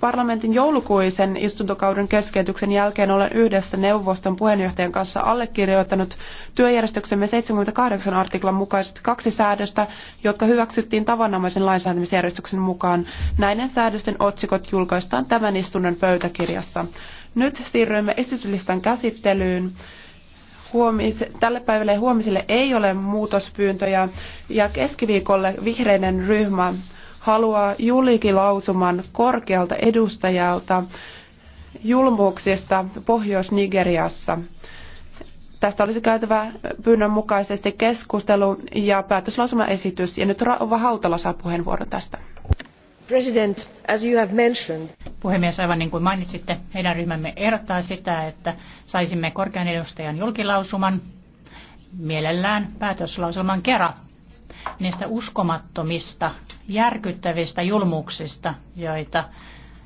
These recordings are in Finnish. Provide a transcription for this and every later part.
Parlamentin joulukuisen istuntokauden keskeytyksen jälkeen olen yhdessä neuvoston puheenjohtajan kanssa allekirjoittanut työjärjestyksemme 78 artiklan mukaiset kaksi säädöstä, jotka hyväksyttiin tavanomaisen lainsäätämisjärjestyksen mukaan. Näiden säädösten otsikot julkaistaan tämän istunnon pöytäkirjassa. Nyt siirrymme esityslistan käsittelyyn. tälle päivälle ja huomiselle ei ole muutospyyntöjä ja keskiviikolle vihreiden ryhmä haluaa julkilausuman korkealta edustajalta julmuuksista Pohjois-Nigeriassa. Tästä olisi käytävä pyynnön mukaisesti keskustelu ja päätöslausumaesitys. Ja nyt Rauva Hautala saa puheenvuoron tästä. President, as you have mentioned. Puhemies, aivan niin kuin mainitsitte, meidän ryhmämme ehdottaa sitä, että saisimme korkean edustajan julkilausuman mielellään päätöslauselman kerran niistä uskomattomista järkyttävistä julmuuksista, joita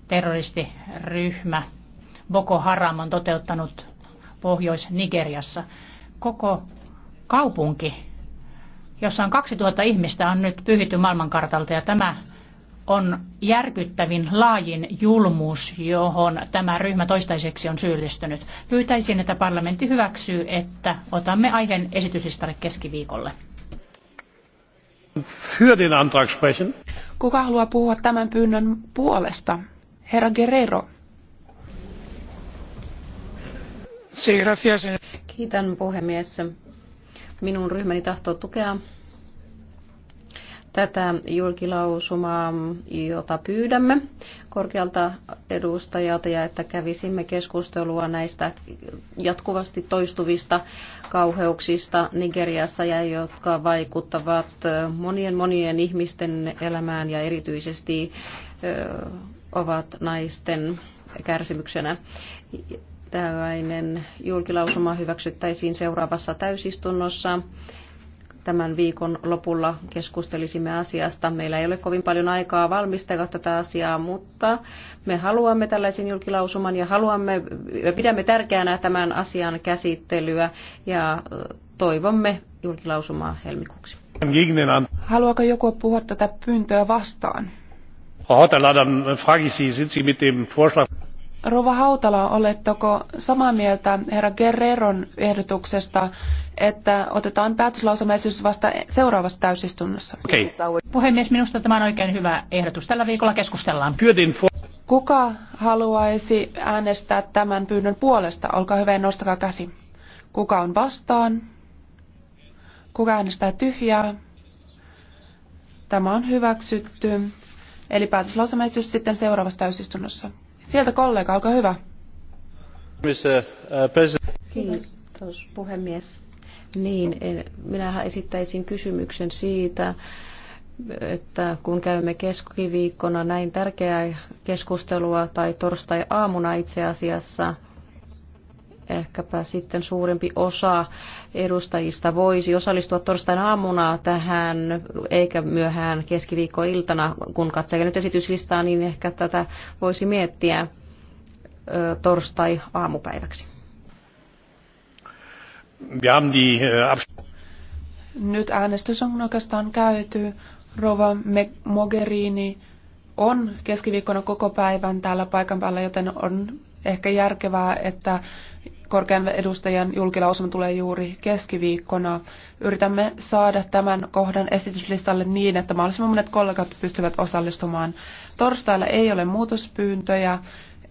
terroristiryhmä Boko Haram on toteuttanut Pohjois-Nigeriassa. Koko kaupunki, jossa on 2000 ihmistä, on nyt pyhitty maailmankartalta ja tämä on järkyttävin laajin julmuus, johon tämä ryhmä toistaiseksi on syyllistynyt. Pyytäisin, että parlamentti hyväksyy, että otamme aiheen esityslistalle keskiviikolle. Für den Antrag sprechen. Kuka haluaa puhua tämän pyynnön puolesta? Herra Guerrero. Sí, gracias. Kiitän puhemies. Minun ryhmäni tahtoo tukea tätä julkilausumaa, jota pyydämme korkealta edustajalta ja että kävisimme keskustelua näistä jatkuvasti toistuvista kauheuksista Nigeriassa ja jotka vaikuttavat monien monien ihmisten elämään ja erityisesti ovat naisten kärsimyksenä tällainen julkilausuma hyväksyttäisiin seuraavassa täysistunnossa tämän viikon lopulla keskustelisimme asiasta. Meillä ei ole kovin paljon aikaa valmistella tätä asiaa, mutta me haluamme tällaisen julkilausuman ja haluamme, pidämme tärkeänä tämän asian käsittelyä ja toivomme julkilausumaa helmikuuksi. Haluaako joku puhua tätä pyyntöä vastaan? Frau Hautala, frage ich Sie, sind Sie mit dem Vorschlag... Rova Hautala, oletteko samaa mieltä herra Guerreron ehdotuksesta, että otetaan päätöslausumaisuus vasta seuraavassa täysistunnossa? Okay. Puhemies, minusta tämä on oikein hyvä ehdotus. Tällä viikolla keskustellaan. Kuka haluaisi äänestää tämän pyynnön puolesta? Olkaa hyvä ja nostakaa käsi. Kuka on vastaan? Kuka äänestää tyhjää? Tämä on hyväksytty. Eli päätöslausumaisuus sitten seuraavassa täysistunnossa. Sieltä kollega, olkaa hyvä. Uh, uh, Kiitos puhemies. Niin, eh, minähän esittäisin kysymyksen siitä, että kun käymme keskiviikkona näin tärkeää keskustelua tai torstai-aamuna itse asiassa – ehkäpä sitten suurempi osa edustajista voisi osallistua torstaina aamuna tähän, eikä myöhään keskiviikkoiltana, kun katselee nyt esityslistaa, niin ehkä tätä voisi miettiä torstai aamupäiväksi. Äh, nyt äänestys on oikeastaan käyty. Rova Mogherini on keskiviikkona koko päivän täällä paikan päällä, joten on ehkä järkevää, että korkean edustajan julkilausuma tulee juuri keskiviikkona. Yritämme saada tämän kohdan esityslistalle niin, että mahdollisimman monet kollegat pystyvät osallistumaan. Torstailla ei ole muutospyyntöjä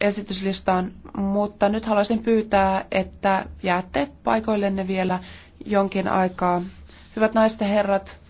esityslistaan, mutta nyt haluaisin pyytää, että jäätte paikoillenne vielä jonkin aikaa. Hyvät naiset ja herrat,